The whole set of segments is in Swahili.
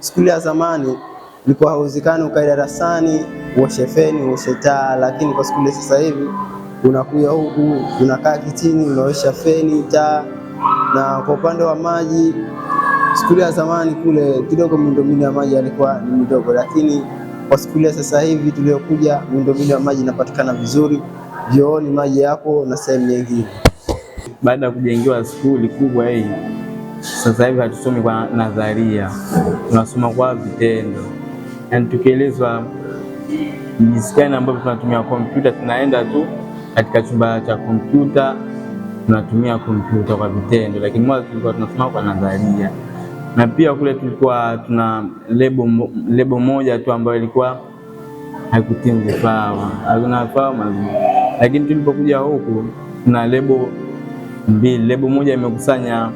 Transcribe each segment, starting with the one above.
Siku ya zamani ilikuwa hauwezekani ukae darasani uoshe feni uoshe taa, lakini kwa siku sasa hivi unakuja huku unakaa kitini unaosha feni taa. Na kwa upande wa maji, siku ya zamani kule kidogo miundombinu ya maji alikuwa ni midogo, lakini kwa siku ya sasa hivi tuliyokuja, miundombinu ya maji inapatikana vizuri, vyooni maji yapo na sehemu nyingine, baada ya kujengiwa skuli kubwa hii sasa hivi hatusomi kwa nadharia, tunasoma kwa vitendo, yaani tukielezwa jinsi gani ambavyo tunatumia kompyuta, tunaenda tu katika chumba cha kompyuta tunatumia kompyuta kwa vitendo, lakini mwanzo tulikuwa tunasoma kwa nadharia. Na pia kule tulikuwa tuna lebo, lebo moja tu ambayo ilikuwa haikutenzi sawa, hakuna sawa mazuri, lakini tulipokuja huku tuna lebo mbili. Lebo moja imekusanya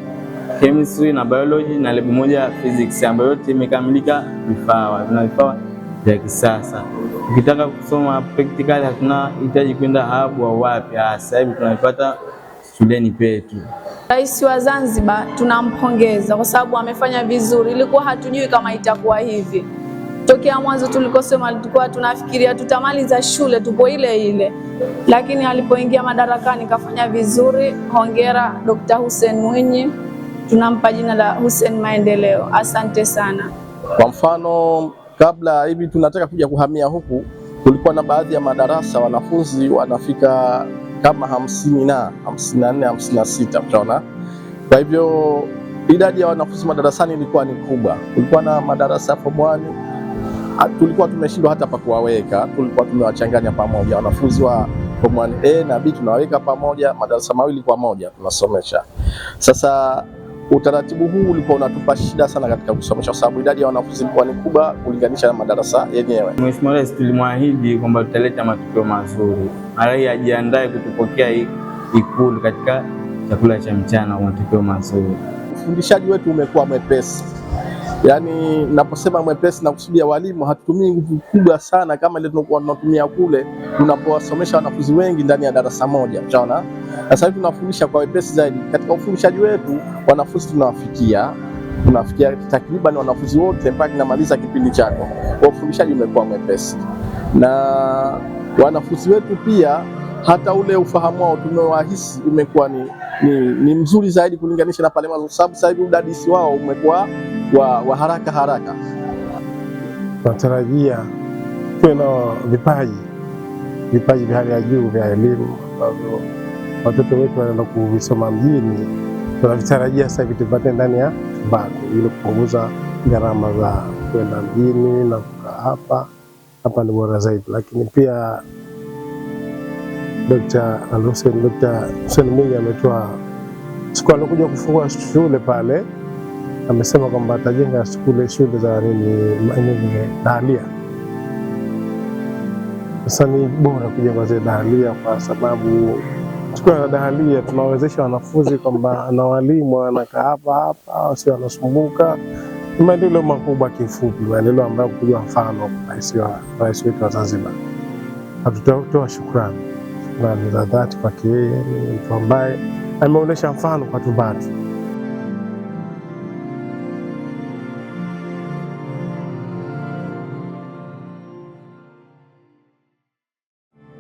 chemistry na biology na lebu moja ya physics, ambayo yote imekamilika vifaa na vifaa vya kisasa. Ukitaka kusoma practical, hatuna hitaji kwenda hub au wapi, ah, sasa hivi tunavipata shuleni petu. Rais wa Zanzibar tunampongeza kwa sababu amefanya vizuri, ilikuwa hatujui kama itakuwa hivi. Tokea mwanzo tulikosema, tulikuwa tunafikiria tutamaliza shule tupo ile ile, lakini alipoingia madarakani kafanya vizuri. Hongera Dr. Hussein Mwinyi tunampa jina la Hussein Maendeleo. Asante sana. Kwa mfano, kabla hivi tunataka kuja kuhamia huku, kulikuwa na baadhi ya madarasa wanafunzi wanafika kama hamsini na hamsini na nne hamsini na sita utaona. Kwa hivyo idadi ya wanafunzi madarasani ilikuwa ni kubwa, kulikuwa na madarasa form one ah, tulikuwa tumeshindwa hata pa kuwaweka, tulikuwa tumewachanganya pamoja wanafunzi wa form 1A na B tunawaweka pamoja, madarasa mawili kwa moja tunasomesha sasa Utaratibu huu ulikuwa unatupa shida sana katika kusomesha kwa sababu idadi ya wanafunzi ilikuwa ni kubwa kulinganisha na madarasa yenyewe. Mheshimiwa Rais, tulimwahidi kwamba tutaleta matokeo mazuri. arai ajiandae kutupokea Ikulu katika chakula cha mchana, matokeo mazuri. Ufundishaji wetu umekuwa mwepesi Yaani, naposema mwepesi na walimu, hatutumii nguvu kubwa sana kama ile tunakuwa tunatumia kule tunapowasomesha wanafunzi wengi ndani ya darasa moja. Unaona, sasa hivi tunafundisha kwa wepesi zaidi. Katika ufundishaji wetu wanafunzi tunawafikia tunafikia takriban wanafunzi wote mpaka namaliza kipindi chako. Kwa ufundishaji umekuwa mwepesi, na wanafunzi wetu pia hata ule ufahamu wao tumewahisi umekuwa ni, ni, ni mzuri zaidi kulinganisha na pale mwanzo, sababu sasa hivi udadisi wao umekuwa wa, wa haraka haraka. Natarajia kuwe na vipaji vipaji vya hali ya juu vya elimu ambavyo watoto wetu wanaenda kuvisoma mjini, tunavitarajia sasa hivi tupate ndani ya Tumbako ili kupunguza gharama za kwenda mjini na kukaa hapa hapa ni bora zaidi. Lakini pia Dr. Hussein Mwinyi ametoa siku alokuja kufungua shule pale amesema kwamba atajenga shule shule za nini dahalia. Sasa ni bora kujenga zile dahalia kwa sababu tukiwa na dahalia tunawezesha wanafunzi kwamba na walimu wanakaa hapa hapa, sio wanasumbuka. Ni maendeleo makubwa, kifupi, maendeleo ambayo kujua mfano rais wetu wa Zanzibar. Hatutatoa shukrani shukrani za dhati kwake yeye, mtu ambaye ameonyesha mfano kwa Tumbatu.